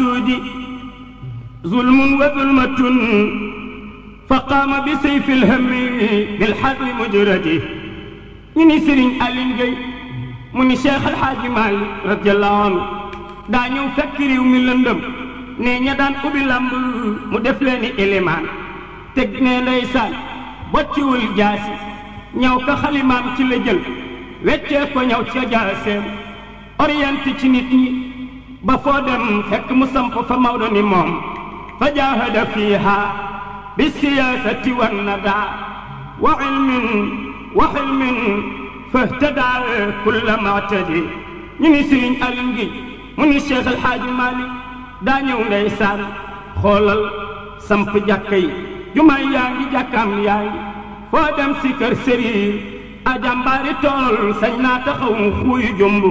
المقصود ظلم وظلمة فقام بسيف الهم بالحر مجرده ñu Serigne Aline Gueye mu ni Cheikh El Hadj Malick radiyallahu anhu daa ñëw fekk mi lëndëm ne ña daan ubbi làmb mu def leen ni élément teg ne ndeysaan bocciwul jaasi ñaw ko xalimaam ci la weccee ko ñaw ca jaaseem orienté ci nit ñi ba foo dem fekk mu samp fa Maodo moom fa jaahada fiiha bi siyaasati wan nada wa ilmin wa xilmin fahtadaa kulla maatadi ñu ni Sëriñ Aliou mu ni Cheikh El Hadji daa ñëw ndeysaan xoolal samp jàkka yi yaa ngi jàkkaam yaa ngi foo dem si a jàmbaari tool sañ naa xuuyu jomb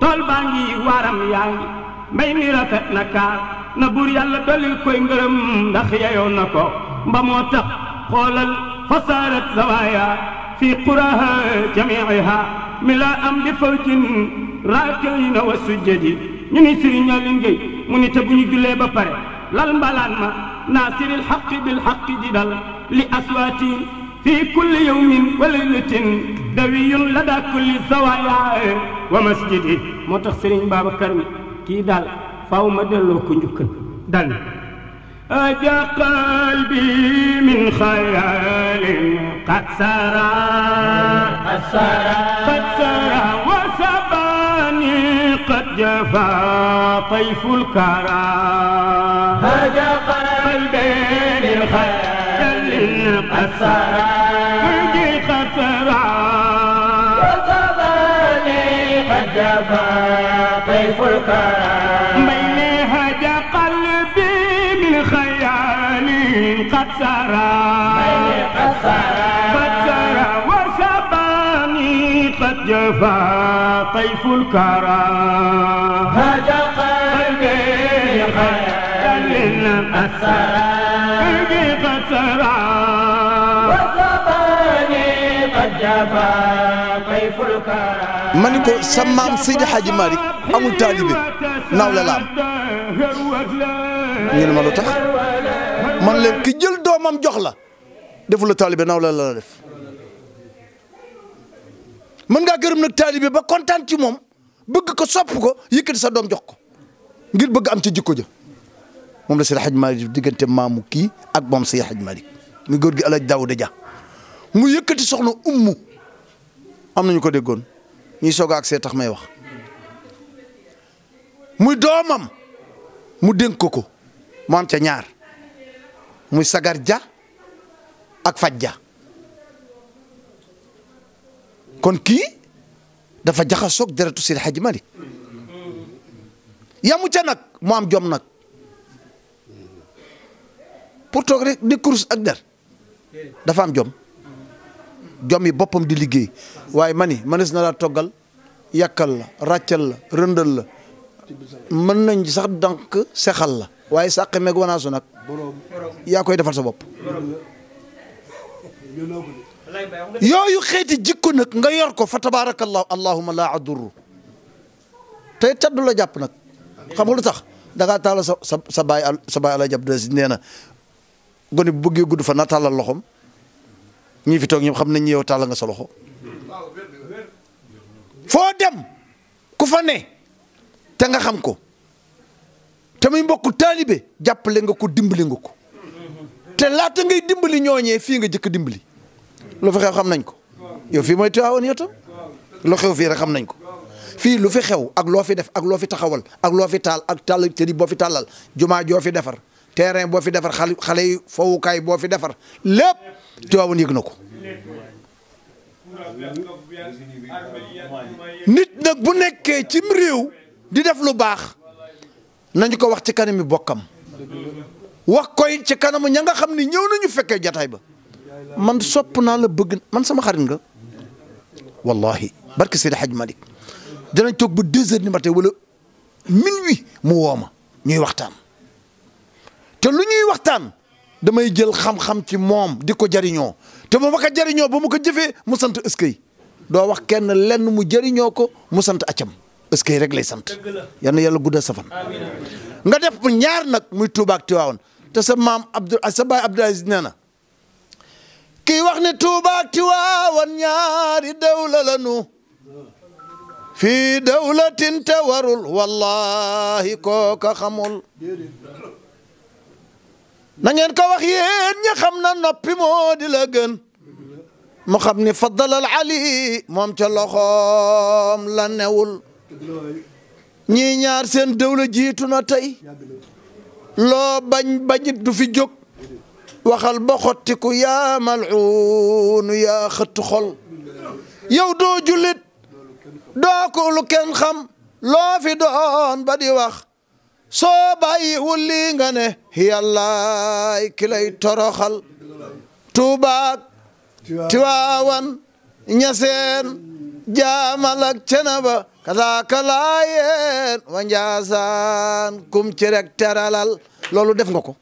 tool baa ngi waaram yaa ngi mbay mi rafet na kaar na buur yàlla dolil koy ngërëm ndax ko mba moo tax xoolal fasaarat zawaaya fii quraha jamiiha mi laa am di faw jin na wa sujjadi ñu ni sëriñ ñoo mu ni te bu ñu jullee ba pare lal mbalaan ma naasiril xaqi bil xaqi ji dal li aswaati fii kulli yawmin wa laylatin dawiyun la daa kulli zawaaya wa masjidi moo tax sëriñ Babacar kii daal faaw ma delloo ko njukkal dal aja qalbi min xayalin qad sara qad sara wa sabani qad jafa tayful kara aja qalbi min xayalin qad sara qad sara wa sabani qad jafa الكرام بين هدى قلبي من خيال قد سرى قد سرى وسباني قد جفا طيف الكرى هدى قلبي من خيال قد سرى قد سرى وسباني قد جفا طيف الكرى ma ni ko sa maam Seydi Hadji Malick amul taalibe naaw la laam ma lu tax man leen ki jël doomam jox la defu la taalibe naaw la la def mën ngaa gërëm nag taalibe ba kontaan ci moom bëgg ko sopp ko yëkkati sa doom jox ko ngir bëgg am ci jikko ja moom la Seydi Hadji Malick diggante maamu kii ak moom Seydi Hadji Malick mu góor gi El Hadj Daouda Dia mu yëkkati soxna ummu am nañu ko déggoon ñuy soog ak accès tax may wax muy doomam mu dénk ko ko mu am ca ñaar muy sagar ja ak faj ja kon kii dafa jaxasoog deretu Seydi Hadji Malick yamu ca nag mu am jom nag pour toog rek di course ak der dafa am jom jom boppam di liggéey waaye mani mënees na laa toggal yàkkal la ràccal la rëndal la mën nañ sax donc sexal la waaye sàq meeg wanaasu nag yaa koy defal sa bopp yooyu xeeti jikko nag nga yor ko fa tabaarakallahu allahuma laa adurru tey caddu jàpp nag xam nga lu tax da ngaa taala sa sa sa baay sa baay nee na gone bu bëggee gudd fa na tàllal loxom ñii fi toog ñëpp xam nañ yow tàll nga sa loxo foo dem ku fa ne te nga xam ko te muy mbokku taalibe jàppale nga ko dimbali nga ko te laata ngay dimbali ñooñee fii nga jëkk dimbali lu fi xew xam nañ ko yow fii mooy Tiwaawan yow tam lu xew fii rek xam nañ ko fii lu fi xew ak loo fi def ak loo fi taxawal ak loo fi taal ak taal te boo fi tàllal jumaa joo fi defar terrain boo fi defar xale xale yi fowukaay boo fi defar lépp Tiwaawan yëg na ko nit nag bu nekkee cim réew di def lu baax nañu ko wax ci kanam kanami bokkam wax koy ci kanamu ña nga xam ni ñëw nañu fekkee jataay ba man sopp naa la bëgg man sama xarit nga wallahi barke Seydi Hadj Malick danañ toog ba deux heures du matin wala minuit mu wooma ñuy waxtaan te lu ñuy waxtaan damay jël xam-xam ci moom di ko jariñoo te bu ma jariñoo ba mu ko jëfee mu sant ëskay doo wax kenn lenn mu jëriñoo ko mu sant acam ëskay rek lay sant yal na yàlla guddal sa fan nga def ñaar nag muy Touba ak Tiwaawan te sa maam Abdou sa baay Abdou kii wax ne Touba ak Tiwaawan ñaari dawla lanu fii dawlatin te warul wallahi kooka xamul na ko wax yéen ña xam na noppi moo di la xam ni faddalal ali moom ca loxoom la newul ñii ñaar seen dëwla jiitu na tey loo bañ bañit du fi jóg waxal ba xottiku yaa malcuunu yaa xëttu xol yow doo jullit doo ko lu xam loo fi doon ba di wax soo bàyyi wul lii nga ne yàllaay ki lay toroxal tuubaak tiwaawan ñaseen jaamal ak cenaba kazaaka laayeen wa kum ci rek loolu def nga ko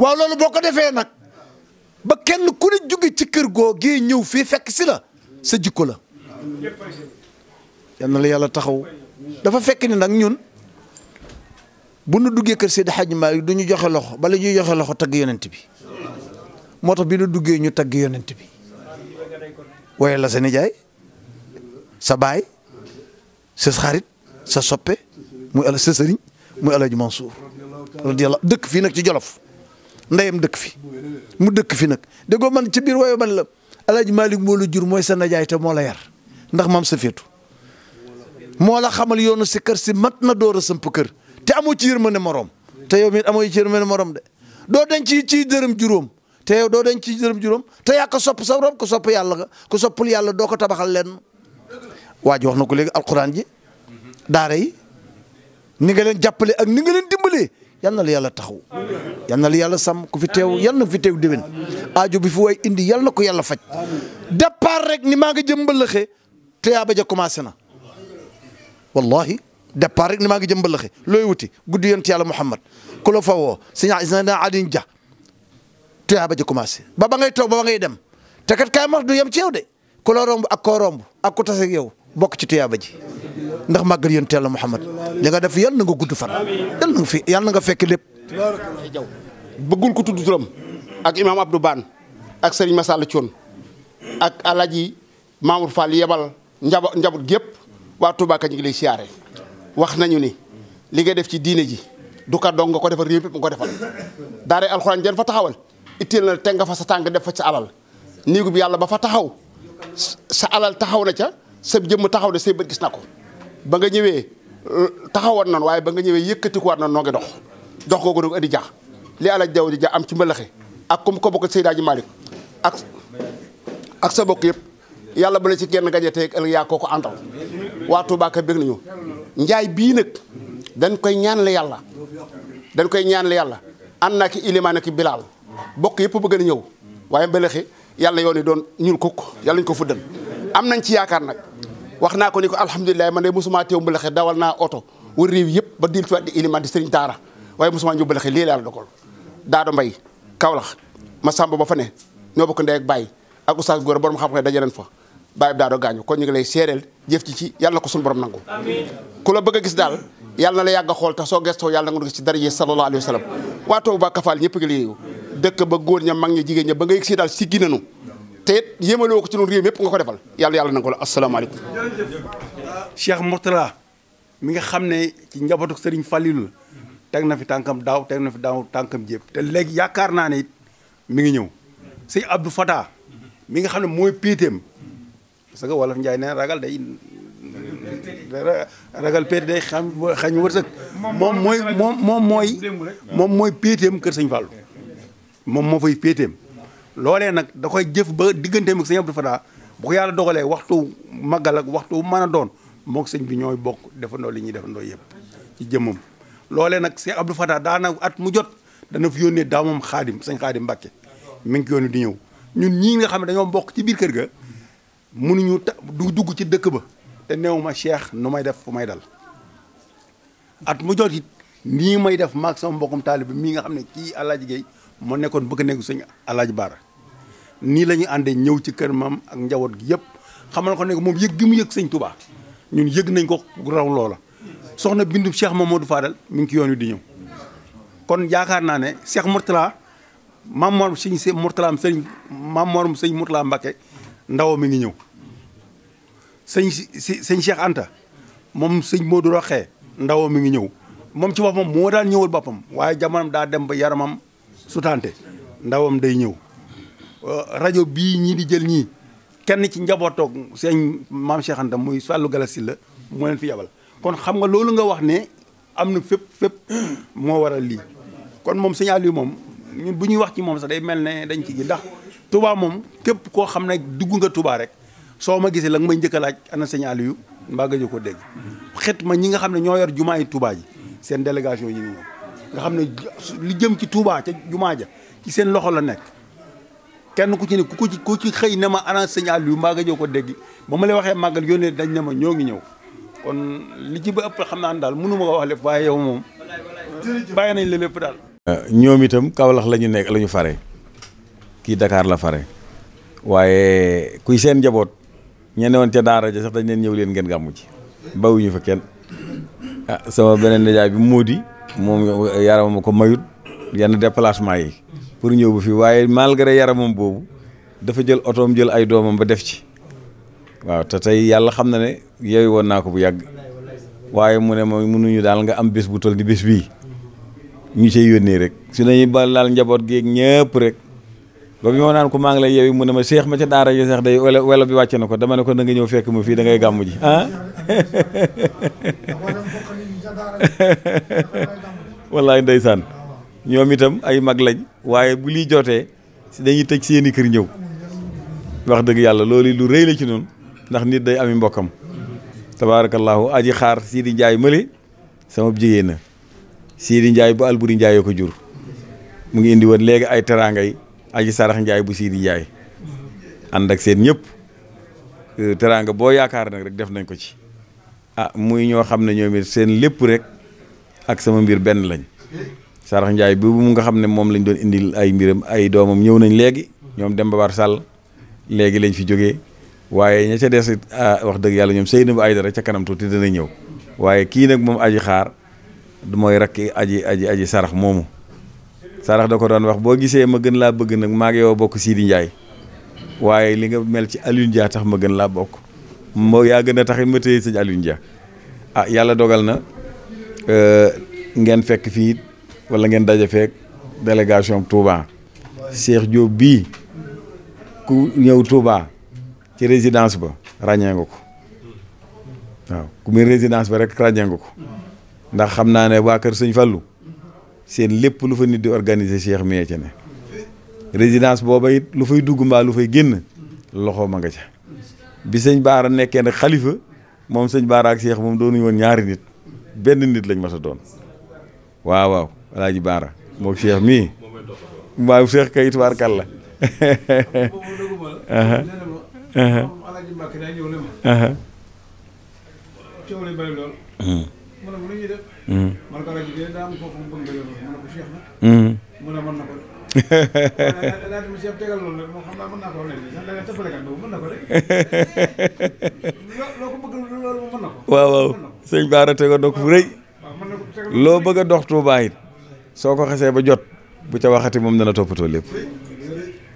waaw loolu boo ko defee nag ba kenn ku ne jóge ci kër goo gii ñëw fii fekk si la sa jikko la yal na la yàlla taxaw dafa fekk ni nag ñun bu nu duggee kër si Seydi Hadji Malick du ñu joxe loxo bala ñuy joxe loxo tagg yonent bi moo tax bi nu duggee ñu tagg yonent bi waaye la sa nijaay sa baay sa xarit sa soppe muy ala sa sëriñ muy El dëkk fii nag ci Jolof ndeyam dëkk fi mu dëkk fi nag déggoo man ci biir waaye man la El Hadj moo la jur mooy sa nijaay te moo la yar ndax maam sa féetu moo la xamal yoonu si kër si mat na door a sëmp kër. amoo ci yërmande morom te yow mit amoo ci yërmande morom de doo denc ci ci dërëm juróom te yow doo denc ci dërëm juróom te yaa ko sopp sa rob ko sopp yàlla nga ko soppul yàlla doo ko tabaxal leen waa wax na ko léegi alquran ji daara yi ni nga jàppale ak ni nga leen dimbalee yal na la yàlla taxaw yal na yàlla sàmm ku fi teew yal na fi teew déwén aajo bi fi waay indi yal na ko yàlla faj départ rek ni maa nga jëm mbalaxe te yaa ba ja commencé na départ rek ni maa ngi jëm mbalaxe looy wuti guddi yonent yàlla Muhammad ku la fa woo si ñaax na naa Alioune Dia tuyaa ba commencé ba ba ngay toog ba ngay dem te kat kaay ma du yem ci yow de ku yow bokk ci tuyaa ba ji ndax màggal yonent yàlla Muhammad li nga def yàlla na nga gudd fan yàlla na nga fi yàlla na nga fekk lépp. bëggul ko tudd turam ak imaam Abdou Bane ak Serigne Massala Thion ak El Hadj Mamour yebal njaba njaboot gépp waa Touba ka ñu siyaare. wax nañu ni li nga def ci diine ji du ka dong nga ko defal réew mi nga ko defal daara alxuraan jan fa taxawal itteel na teg nga fa sa tànk def fa sa alal néegu bi yàlla ba fa taxaw sa alal taxaw na ca sa jëmm taxaw na say bët gis na ko ba nga ñëwee taxawoon noonu waaye ba nga ñëwee yëkkatikuwaat noonu noo ngi dox dox googu nag di jax li alaj jaww ji ja am ci mbalaxe ak comme ko bokk Seydaaji Malick ak ak sa bokk yëpp yàlla bu la ci kenn gañe tey ëllëg yaa kooku àndal waa Touba ka bëgg njaay bii nag dañ koy ñaanal yàlla dañ koy ñaanal yàlla ànd naa ki ilimaan ak bilaal bokk yëpp bëgg na ñëw waaye mbelexi yàlla yoon yi doon ñuul kukk yàlla ñu ko fuddal am nañ ci yaakaar nag wax naa ko ni ko alhamdulilah ma de mosuma teew mbelexi dawal naa oto wër réew yëpp ba dil ci waat di ilimaan di sëriñ daara waaye mosuma ñu mbelexi lii la yàlla dogal daado mbay kawlax ma sàmb ba fa ne ñoo bokk ndey ak bàyyi ak oustaz góor borom xam-xam daje nañ fa bàyyi daado gaañu kon ñu ngi lay seereel jëf ci ci yàlla ko suñu borom nangu ku la bëgg a gis daal yàlla na la yàgg xool tax soo gestoo yàlla na nga gis ci dara yi sallallahu alayhi wa sallam waa Touba Kafaal ñëpp ngi liggéeyu dëkk ba góor ña mag ña jigéen ña ba nga yëg si daal siggi nañu te it yéemaloo ko ci noonu réew mépp nga ko defal yàlla yàlla na ko la asalaamaaleykum mi nga xam ne ci njabootu Serigne Fallilou teg na fi tànkam daaw teg na fi daaw tànkam jépp te léegi yaakaar naa ne it mi ngi ñëw si Abdou Fata mi nga xam ne mooy péeteem parce que wolof Njaay nee ragal day ragal péete day xam xañ wërsëg moom mooy moom mooy moom mooy péeteem kër sëñ Fallou moom moo fay péeteem loole nag da koy jëf ba digganteem ak sëñ Abdou Fata bu ko yàlla dogalee waxtu màggal ak waxtu mën a doon mook sëñ bi ñooy bokk defandoo li ñuy defandoo yëpp ci jëmmam loolee nag sëñ Abdou Fata daana at mu jot dana fi yónnee daamam xaadim sëñ xaadim mbakke mi ngi ko yónnee di ñëw ñun ñii nga xam ne dañoo bokk ci biir kër ga mënuñu ta du dugg ci dëkk ba te new ma cheikh nu may def fu may dal at mu jot it nii may def maag sama mbokkum taalib bi mii nga xam ne kii Alaaji Géey moo nekkoon bëgg nekk suñu Alaaji Baara nii lañu àndee ñëw ci kër maam ak njawoot gi yëpp xamal ko nekk moom yëg gi mu yëg sëñ Touba ñun yëg nañ ko raw loola soxna bindum Cheikh Mamadou Fadal mu ngi ci yoon wi di ñëw kon yaakaar naa ne Cheikh Mourtala maam morom sëñ Mourtala am sëñ maam sëñ Mourtala Mbacke ndaw mi ngi ñëw sëñ si sëñ Cheikh Anta moom sëñ Modou Roxee ndawam mi ngi ñëw moom ci boppam moo daan ñëwal boppam waaye jamono daa dem ba yaramam sutante ndawam day ñëw euh, rajo bii ñii di jël ñii kenn ci njabootoog sëñ maam Cheikh Anta muy Fallou Galassi la moo leen fi yabal kon xam nga loolu nga wax ne am na fépp fépp moo waral lii kon moom sëñ Aliou moom bu ñuy wax ci moom sax day mel ne dañ ci ji ndax Touba moom képp koo xam ne dugg nga tubaa rek soo ma gisee la nga may njëkk a laaj ana sëñ Aliou mbaa nga ko dégg xet ma ñi nga xam ne ñoo yor jumaa yi Touba ji seen délégation yi nga xam ne li jëm ci tuubaa ca jumaa ja ci seen loxo la nekk kenn ku ci nekk ku ko ci ku ci xëy ne ma ana sëñ yu mbaa nga ko dégg ba ma lay waxee màggal yónnee dañ ne ma ñoo ngi ñëw kon li ci ba ëpp xam naa ne daal mënu ma ko wax lépp waaye yow moom bàyyi nañ la lépp daal euh, ñoom itam Kaolack la ñu nekk lañu fare kii Dakar la fare waaye kuy seen njaboot ñene woon ca daara ja sax dañ leen ñëw leen ngeen gàmmu ci bawuñu fa kenn ah sama beneen nijaay bi moo di moom yaramam ko mayut yenn déplacement yi pour ñëw bu fi waaye malgré yaramam boobu dafa jël otoom jël ay doomam ba def ci waaw te tey yàlla xam na ne yooyu woon naa ko bu yàgg waaye mu ne ma mënuñu daal nga am bés bu toll ni bés bii ñu cay yónnee rek su nañu ba laal njaboot geeg ñëpp rek ba bi naan ko maa ngi lay yeewi mu ne ma seex ma ca daara ji seex day welo welo bi wàcce na ko dama ne ko da nga ñëw fekk ma fii da ngay gàmm ji ah ndeysaan ñoom itam ay mag lañ waaye bu liy jotee dañuy tëj seeni kër ñëw wax dëgg yàlla loolu lu rëy la ci noonu ndax nit day ami mbokkam tabaarakallaahu aji xaar sii di Ndiaye mële sama jigéen na Sidi Ndiaye bu Alburi Ndiaye ko jur mu ngi indi woon léegi ay teraangay aji sarax njaay bu siidi njaay ànd ak seen ñëpp euh, teraanga boo yaakaar nag rek def nañ ko ci a ah, muy ñoo xam ne ñoom it seen lépp rek ak sama mbir benn lañ sarax njaay bi mu nga xam ne moom lañ doon indil ay mbiram ay doomam ñëw nañ léegi ñoom Demba War Sall léegi lañ fi jóge waaye ña ca des ah, wax dëgg yàlla ñoom Seydou Aïdara ca kanam tuuti dina ñëw waaye kii nag moom aj xaar mooy rakki aji aji aji sarax moomu saarax da ko doon wax boo gisee ma gën laa bëgg nag maa ngi yow bokk Sidi Ndiaye waaye li nga mel ci Alioune Dia tax ma gën laa bokk moo yaa gën a tax ma téye sëñ Alioune Dia ah yàlla dogal na euh, ngeen fekk fii wala ngeen daje fekk délégation Touba Cheikh Diop bii ku ñëw tuubaa ci résidence ba ràññee nga ko waaw ku mu résidence ba rek ràññee nga ko ndax xam naa ne waa kër sëñ Fallou seen lépp lu fa nit di organiser Cheikh Meye ca ne résidence booba it lu fay dugg mbaa lu fay génn loxo a nga ca bi sëñ Baara nekkee nag xalifa moom sëñ Baara ak Cheikh moom doonuñu woon ñaari nit benn nit lañ mas a doon waaw waaw Alaaji Baara moo Cheikh mii waaw Cheikh kay tubaarkàlla la mu ne mu ñuy def. Hmm. man bëgg a mu ne ko waaw waaw sëñ Baara tegoon na ko fu rëy. loo bëgg a dox Touba soo ko xasee ba jot bu ca waxati moom dana toppatoo lépp.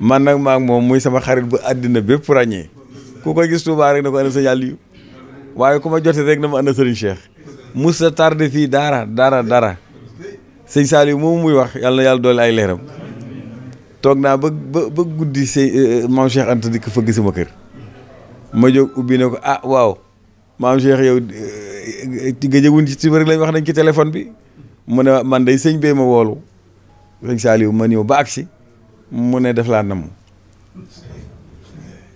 man nag maak moom muy sama xarit bu àddina bépp ràññee ku ko gis Touba rek na ko ana sëñ Aliou waaye ku ma jotee rek na ma ànd Serigne Cheikh musta tardé fii daara dara dara sëñ Saliou moom muy wax yàlla na yàlla doole ay leeram toog naa ba ba ba guddi sëñ eh, eh, maam Cheikh Anta dikk fëgg sama kër ma jóg ubbi ne ko ah waaw maam Cheikh yow eh, gëjëwuñ ci rek lañ wax nañ ci téléphone bi mu ne man day sëñ bee ma woolu sëñ Saliou ma ñëw ba agsi mu ne def laa namm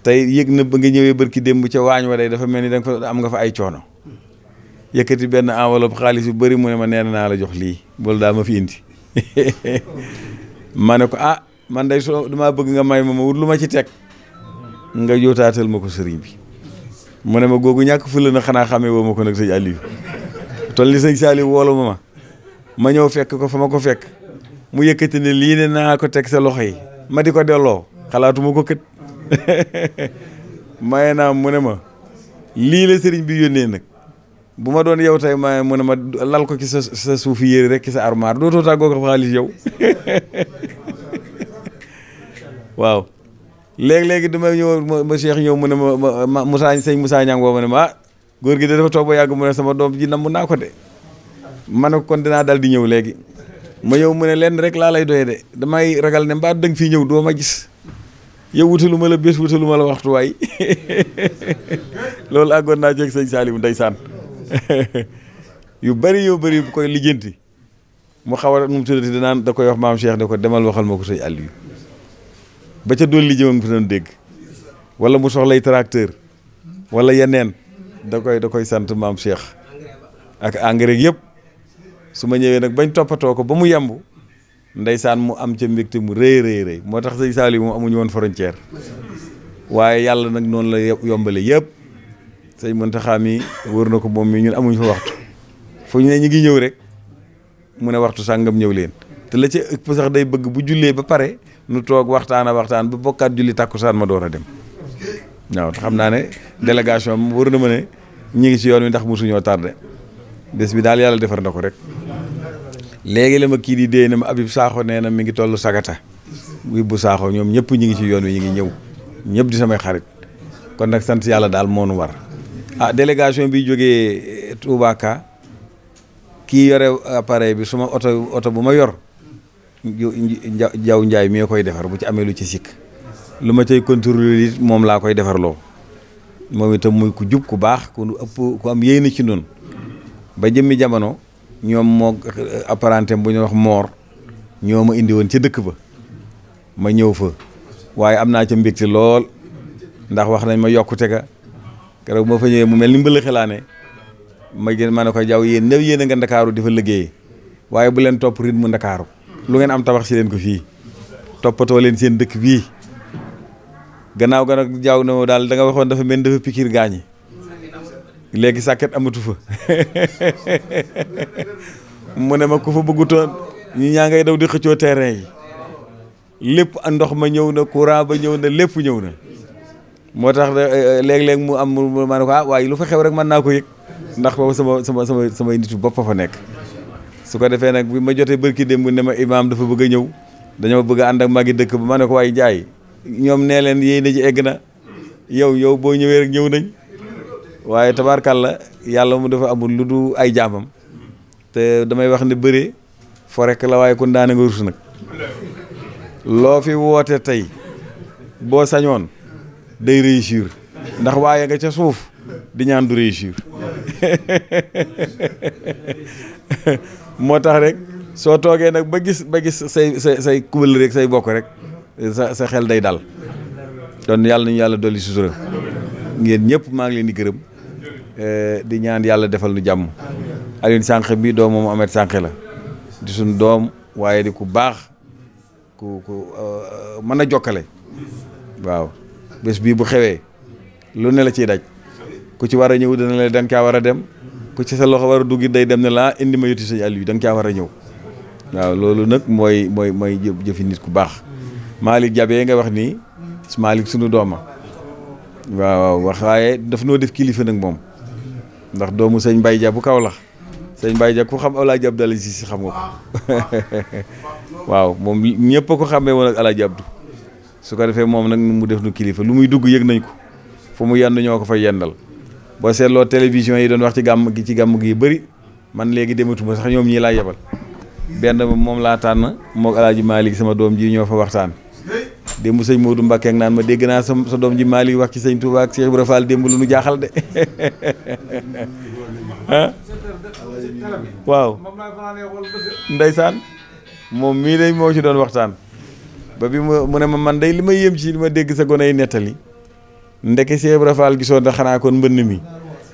tey yëg na ba nga ñëwee barki démb ca waañ wa day dafa mel ni da nga fa am nga fa ay coono yëkkati benn enveloppe xaalis yu bari mu ne ma nee naa la jox lii boolu daa ma fi indi ma ne ko ah man day soo damaa bëgg nga may ma ma wut lu ma ci teg nga jootaatal ma ko sëriñ bi mu ne ma googu ñàkk fulla na xanaa xamee woo ma ko nag sëñ Aliou toll ni sëñ Saliou woolu ma ma ma ñëw fekk ko fa ma ko fekk mu yëkkati ne lii ne naa ko teg sa loxo yi ma di ko delloo xalaatuma ko kët maye naa mu ne ma lii la sëriñ bi yónnee nag bu ma doon yow tey maye mu ne ma lal ko ci sa sa suuf yére rek ci sa armoire dootoo tàggoo ko xaalis yow waaw léegi-léegi damay ñëw ma seex ñëw mu ne ma ma Moussa sëñ Moussa Niang boobu ne ma ah góor gi de dafa toog ba yàgg mu ne sama doom ji namm naa ko de ma ne kon dinaa dal di ñëw léegi ma ñëw mu ne lenn rek laa lay doye de damay ragal ne mbaa danga fii ñëw doo ma gis yow wutalu ma la bés wutalu ma la waxtu waay loolu àggoon naa jeeg sëñ Salim saan yu bari yow bari bu koy lijjanti mu xaw a nu mu tuddati danaan da koy wax maam seex ne ko demal waxal ma ko sëñ Aliou ba ca doon lijjëmam fi doon dégg wala mu soxlay tracteur walla yeneen da koy da koy sant maam Cheikh ak engrais yëpp su ma ñëwee nag bañ toppatoo ko ba mu yemb ndeysaan mu am ca mbégte mu rëy rëy rëy moo tax sëñ Saliou moom amuñu woon frontière waaye yàlla nag noonu la yombale yëpp sëñ Mountakha mi wër na ko moom mi ñun amuñu fa waxtu fu ñu ñu ngi ñëw rek mu ne waxtu sàngam ñëw leen te la ci ëpp sax day bëgg bu jullee ba pare nu toog waxtaan a waxtaan bu bokkaat julli tàkkusaan ma door a dem waaw xam naa ne délégation am wër na ma ne ñu ngi ci yoon wi ndax mosuñoo tardé bés bi daal yàlla defar na ko rek léegi la ma kii di dee na ma Habib Sakho nee na mi ngi tollu sagata bu bu Sakho ñoom ñëpp ñu ngi ci yoon wi ñu ngi ñëw ñëpp di samay xarit kon nag sant yàlla daal moo nu war ah délégation bi jógee eh, tubaaka kii yore appareil bi suma oto oto bu ma yor jaw njaay mi koy defar bu ci amee lu ci sikk lu ma cay contrôler it moom laa koy defarloo moom itam muy ku jub ku baax ku ëpp ku am yéene ci noonu ba jëmmi jamono ñoom moo apparenté bu ñu wax moor ñoo ma indi woon ca dëkk ba ma ñëw fa waaye am naa ca mbégte lool ndax wax nañ ma yokkute ga keroog ma fa ñëwee mu mel ni mbëla xelaane ma gën ma ne ko jaw yéen new yéen a nga ndakaaru di fa liggéey waaye bu leen topp rythme mu ndakaaru lu ngeen am tabax si leen ko fii toppatoo leen seen dëkk bii gannaaw ga nag jaaw na daal danga waxoon dafa mel dafa pikir gaañi léegi sàkket amatu fa mu ne ma ku fa bëggutoon ñi ñaa ngay daw di xëccoo terrain yi lépp a ndox ma ñëw na courant ba ñëw na lépp ñëw na moo tax eh, eh, léeg-léeg mu am ma ne ko ah waaye lu fa xew rek mën naa ko yëg ndax boobu sama sama sama samay nitu bopp fa nekk su ko defee nag bi ma jotee barki démb ne ma imaam dafa bëgg a ñëw dañoo bëgg a ànd ak magi dëkk ba ma ne ko waaye jaay ñoom nee leen yéen na ji egg na yow yow boo ñëwee rek ñëw nañ waaye la yàlla mu dafa amul lu du ay jaabam te damay wax ne bëre fo rek la waaye kon daane nga rus nag loo fi wootee tey boo sañoon day réussir ndax waaye nga ca suuf di ñaan du réussir moo tax rek soo toogee nag ba gis ba gis say say say kubal rek say bokk rek sa sa xel day dal doon yàlla nañu yàlla dolli sutura ngeen ñëpp maa ngi leen di gërëm Eh, di ñaan yàlla defal nu jàmm Alioune Sànq bi doom moom sànqe la di suñ doom waaye di ku baax ku ku euh, mën a jokkale waaw bés bii bu xewee lu ne la ciy daj ku ci war a ñëw dana la da nga caa war a dem ku ci sa loxo war a dugg day dem ne laa ah, indi ma yotti sa àll yi da war a ñëw waaw loolu nag mooy mooy mooy jëfi nit ku baax Malick jabee nga wax nii Malick suñu dooma waaw waaw wax waaye daf noo def kilifa nag moom ndax doomu sëñ Baye Dia bu kaw lax sëñ Baye Dia ku xam Alaaji Abdu Aziz Si xam nga ko waaw moom ñëpp a ko xamee woon ak Alaaji Abdu su ko defee moom nag mu def nu kilifa lu muy dugg yëg nañ ko fu mu yendu ñoo ko fay yendal boo seetloo télévision yi doon wax ci gàmm gi ci gàmm gi bëri man léegi dematuma sax ñoom ñii laa yebal benn moom laa tànn moog Alaaji Maalik sama doom ji ñoo fa waxtaan démb sëñ Modou Mbacke ak naan ma dégg naa sa sa doom ji Mali wax ci sëñ Touba ak Cheikh Ibrahima démb lu nu jaaxal de ah waaw ndeysaan moom mii day moo ci doon waxtaan ba bi ma mu ne ma man day li may yëm ci li ma dégg sa gone ay nettali ndeke Cheikh Ibrahima Fall gisoon da xanaa kon mbënn mi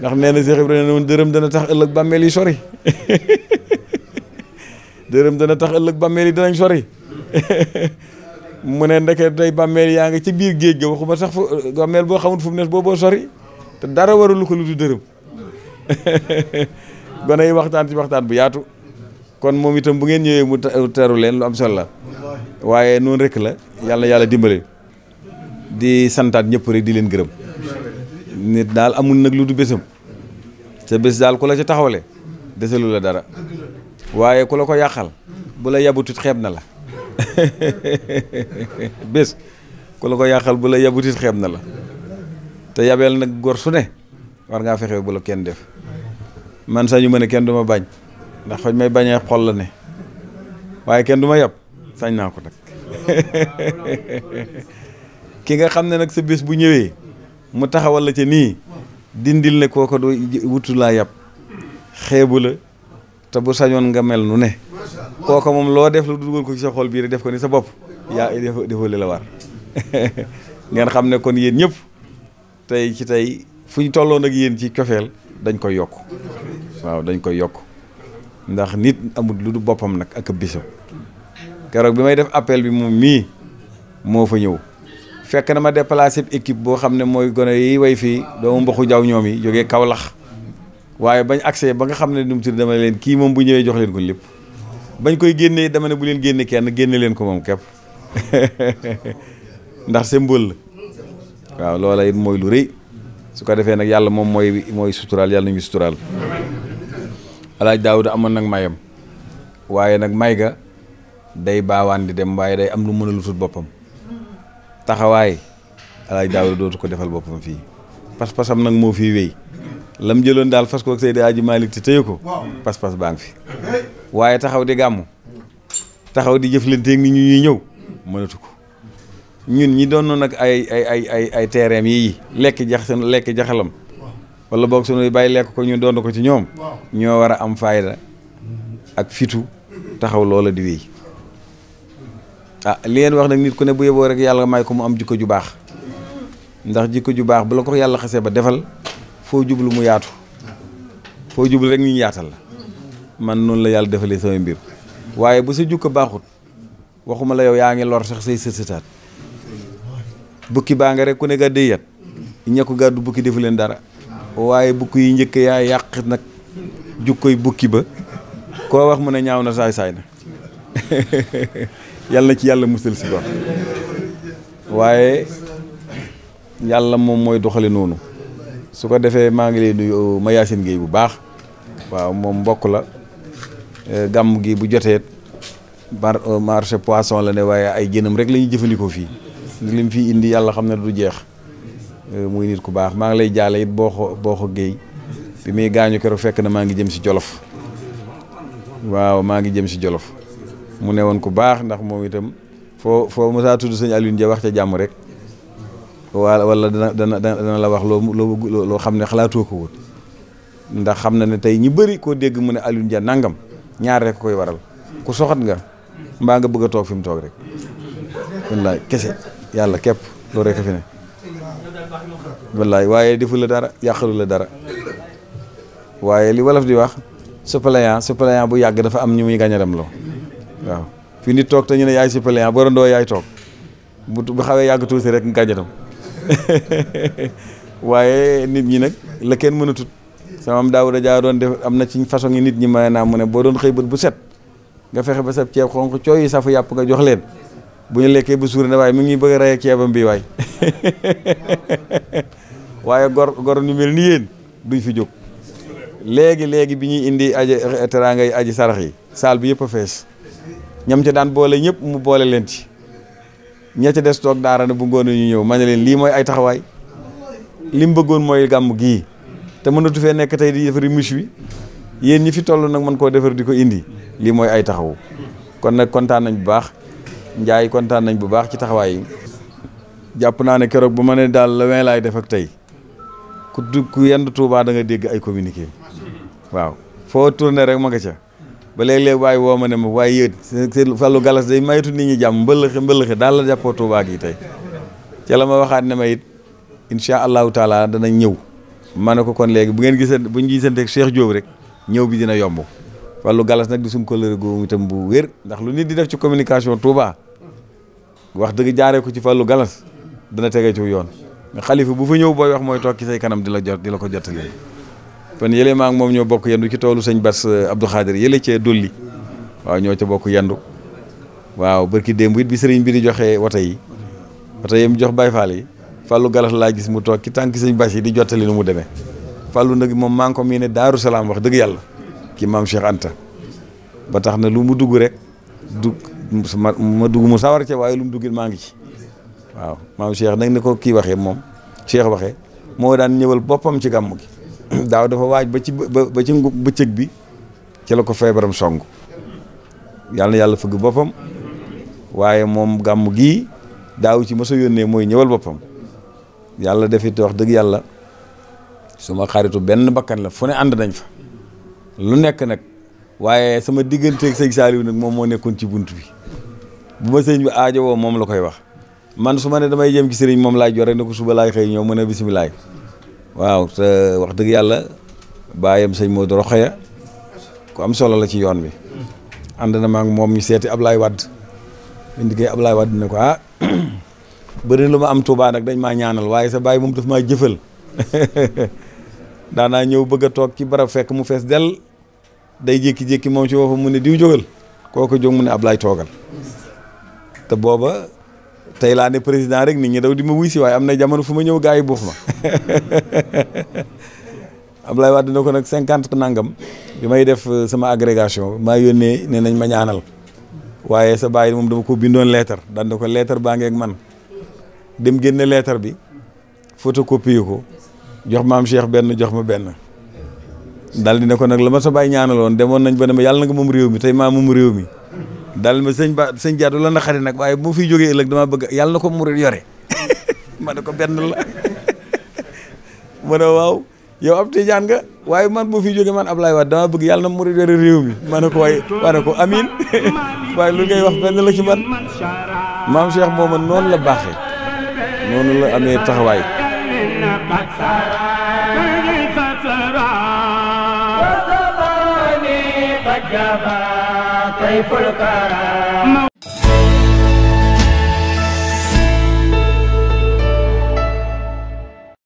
ndax nee na Cheikh Ibrahima noonu dërëm dana tax ëllëg bàmmeel yi sori dërëm dana tax ëllëg bàmmeel yi danañ sori mu ne ndeke day bàmmeel yaa ngi ci biir géej ga waxuma sax fu bàmmeel boo xamul fu mu ne booboo sori te dara waralu ko lu du dërëm gone yi waxtaan ci waxtaan bu yaatu kon moom itam bu ngeen ñëwee mu teru leen lu am sol la waaye noonu rek la yàlla yàlla dimbale di santaat ñëpp rek di leen gërëm nit daal amul nag lu du bésam sa bés daal ku la ci taxawle desalu la dara waaye ku la ko yàqal bu la yabutit xeeb na la bés ku la ko yàqal bu la yabutit xeeb na la te yabeel nag gor su ne war ngaa fexe bu la kenn def man sañu ma ne kenn duma ma bañ ndax fañ may bañee xol la ne waaye kenn du ma yab sañ naa ko nag ki nga xam ne nag sa bés bu ñëwee mu taxawal la ca nii dindil ne kooko du wutu laa yab xeebu la te bu sañoon nga mel nu ne kooka moom loo def lu dugal ko ci sa xol bii rek def ko ni sa bopp yaa defoo la war ngeen xam ne kon yéen ñëpp tey ci tey fu ñu tolloon ak yéen ci cofeel dañ koy yokk waaw dañ koy yokk ndax nit amul lu du boppam nag ak bisam keroog bi may def appel bi moom mii moo fa ñëw fekk na ma déplacé équipe boo xam ne mooy gone yi way fii doomu mboxu jaww ñoom yi jógee Kaolack waaye bañ accès ba nga xam ne nu mu tudd dama leen kii moom bu ñëwee jox leen ko lépp bañ koy génnee dama ne bu leen génne kenn génne leen ko moom képp ndax symbole la waaw loola it mooy lu rëy su ko defee nag yàlla moom mooy mooy suturaal yàlla nañu suturaal alaaj daawuda nag mayam waaye nag may ga day baawaan di dem waaye day am lu mën a lutut boppam taxawaay alaaj daawuda dootu ko defal boppam fii pas-pasam nag moo fii wéy lam jëloon daal fas ko ak Seydi Aji Malick te téye ko pas-pas baa ngi fi waaye taxaw di gàmmu taxaw di jëflanteeg ni ñu ñuy ñëw mënatu ko ñun ñi doon nag ay ay ay ay ay terrain lekk jax seen lekk jaxalam wala boog sunuy bàyyi lekk ko ñu doon ko ci ñoom ñoo war a am fayda ak fitu taxaw loola di wéy ah li ngeen wax nag nit ku ne bu yeboo rek yàlla may ko mu am jikko ju baax ndax jikko ju baax bu la ko yàlla xasee ba defal foo jublu mu yaatu foo jublu rek ñu yaatal la man noonu la yàlla defalee samay mbir waaye bu sa jukka baaxut waxuma la yow yaa ngi lor sax say sësëtaat bukki baa nga rek ku ne gàddee yat ña gàddu bukki defu leen dara waaye bukki yi njëkk yaa yàq nag jukkoy bukki ba koo wax mu ne ñaaw na saay saay na yàlla ci yàlla musal si bor waaye yàlla moom mooy doxale noonu su ko defee maa ngi lay nuyu euh, ma Yacine Gueye bu baax waaw moom mbokk la euh, gàmm gi bu jotee mar euh, marché poisson la ne waaye ay jënam rek lañuy jëfandikoo fii li lim fii indi yàlla xam ne du jeex mu nit ku baax maa ngi lay jaale it boo xo boo xoo Gueye bi muy gaañu keroog fekk na maa ngi jëm si Jolof waaw maa ngi jëm si Jolof mu ne woon ku baax ndax moom itam foo foo mosaa tudd sëñ Alioune Dia wax ca jàmm rek waa wala dana dana dana la wax loo loo loo xam ne xalaatoo ko woon ndax xam na ne tey ñi bëri koo dégg mu ne Alioune Dia nangam ñaar rek koy waral ku soxat nga mbaa nga bëgg a toog fi mu toog rek wallaay kese yàlla képp loo rek a fi waaye defu la dara yàqalu la dara waaye li wolof di wax suppléant bu yàgg dafa am ñu muy gàñaram loo waaw toog te ñu ne yaay suppléant borandoo yaay toog bu xawee yàgg si rek nga gàñaram waaye nit ñi nag la kenn mënatut sama am daaw dajaa doon def am na ci façon yi nit ñi mën naa mu ne boo doon xëy bët bu set nga fexe ba sab ceeb xonq cooy safu yàpp nga jox leen bu ñu lekkee bu suur ne waaye mu ngi bëgg a rey ak ceebam bi waay waaye gor gor ñu mel ni yéen duñ fi jóg léegi léegi bi ñuy indi aji teraanga yi aji sarax yi saal bi yëpp a fees ñam ca daan boole ñëpp mu boole leen ci ña ca des toog daara ne bu ngoon a ñu ñëw ma ne leen lii mooy ay taxawaay li mu bëggoon mooy gàmm gii te mënatu fee nekk tey di defari miche wi yéen ñi fi toll nag mën koo defar di ko indi lii mooy ay taxawu kon nag kontaan nañ bu baax njaay kontaan nañ bu baax ci taxawaay yi. jàpp naa ne keroog bu ma ne daal la win laay def ak tey ku du ku yenn Tuubaa da nga dégg ay communiqué waaw foo tourné rek ma nga ca. ba léeg-léeg waaye woo ma ne ma waaye yéen seen Fallou Galas day maytu nit ñi jàmm mbëllëxe mbëllëxe daal la jàppoo Tuubaa gi tey ca la ma waxaat ne ma it incha allahu taala dana ñëw ma ne ko kon léegi bu ngeen gisee bu ñu gisanteeg Cheikh Diop rek ñëw bi dina yomb Fallou Galas nag di suñ kóllëre googu itam bu wér ndax lu nit di def ci communication Touba wax dëgg jaaree ko ci Fallou Galas dana tege ci yoon nga xalifa bu fa ñëw booy wax mooy toog ci say kanam di la jot di la ko jottalee kon yële maa ngi moom ñoo bokk yendu ci toolu sëñ Bass euh, Abdou Khadir yële cee dolli waaw ñoo ci bokk yendu waaw barki démb it bi sëriñ bi di joxe wata yi wata yi mu jox Baye Fall yi Fallou laa gis mu toog ci tànk sañ Bass yi di jottali nu mu demee Fallou nag moom maa ngi ko miine Daaru wax dëgg yàlla ki maam Cheikh Anta ba tax na lu mu dugg rek du ma dugg mu sawar ca waaye lu mu duggit maa ngi ci waaw maam Cheikh nag ni ko kii waxee moom Cheikh waxee moo daan ñëwal boppam ci gàmm gi daaw dafa waaj ba ci ba ci bëccëg bi ci la ko feebaram song yàlla yàlla fëgg boppam waaye moom gàmm gii daaw ci mos a yónnee mooy ñëwal boppam yàlla defit wax dëgg yàlla suma xaritu benn bakkan la fu ne ànd nañ fa lu nekk nag waaye sama digganteeg sëñ Saliou nag moom moo nekkoon ci bunt bi bu ma sëñ bi aajo woo moom la koy wax man su ma ne damay jëm ci sëriñ moom laa jor rek ne ko suba laay xëy ñëw mën a bisimilaay waaw sa wax dëgg yàlla baayam sëñ Modou Rokhaya ku am solo la ci yoon bi ànd na ma ak moom ñu seeti Ablaye Wade bi ñu dikkee Ablaye Wade ne ko ah bëri lu ma am Touba nag dañ ma ñaanal waaye sa baay moom daf maa jëfal daanaa ñëw bëgg a toog ci barab fekk mu fees dell day jékki-jékki moom ci boppam mu ne diw jógal kooku jóg mu ne Ablaye toogal te booba tey laa ne président rek nit ñi daw di ma wuy si waaye am na jamono fu ma ñëw gars buuf ma Ablaye Wade na ko nag cinquante nangam bi may def euh, sama agrégation maa yónnee ne nañ ma ñaanal waaye sa bàyyi moom dama ko bindoon leetar daan na ko leetar baa ngeeg man dem génne leetar bi photocopie ko jox maam Cheikh benn jox ma benn daal di ko nag la ma sa bàyyi ñaanaloon demoon nañ ba ne ma yàlla na nga moom réew mi tey maa moom réew mi daal ma sëñ ba sëñ jaadu la naqari nag waaye bu fi jógee ëllëg dama bëgg yàlla na ko murid yore ma ne ko benn la waaw yow ab tijaan nga waaye man bu fi jógee man Ablaye Wade dama bëgg yàlla na murid yore réew mi ma ne ko waaye ma ko amiin waaye lu ngay wax benn la ci man maam Cheikh mooma noonu la baaxee noonu la amee taxawaay Jabbar फुलकारा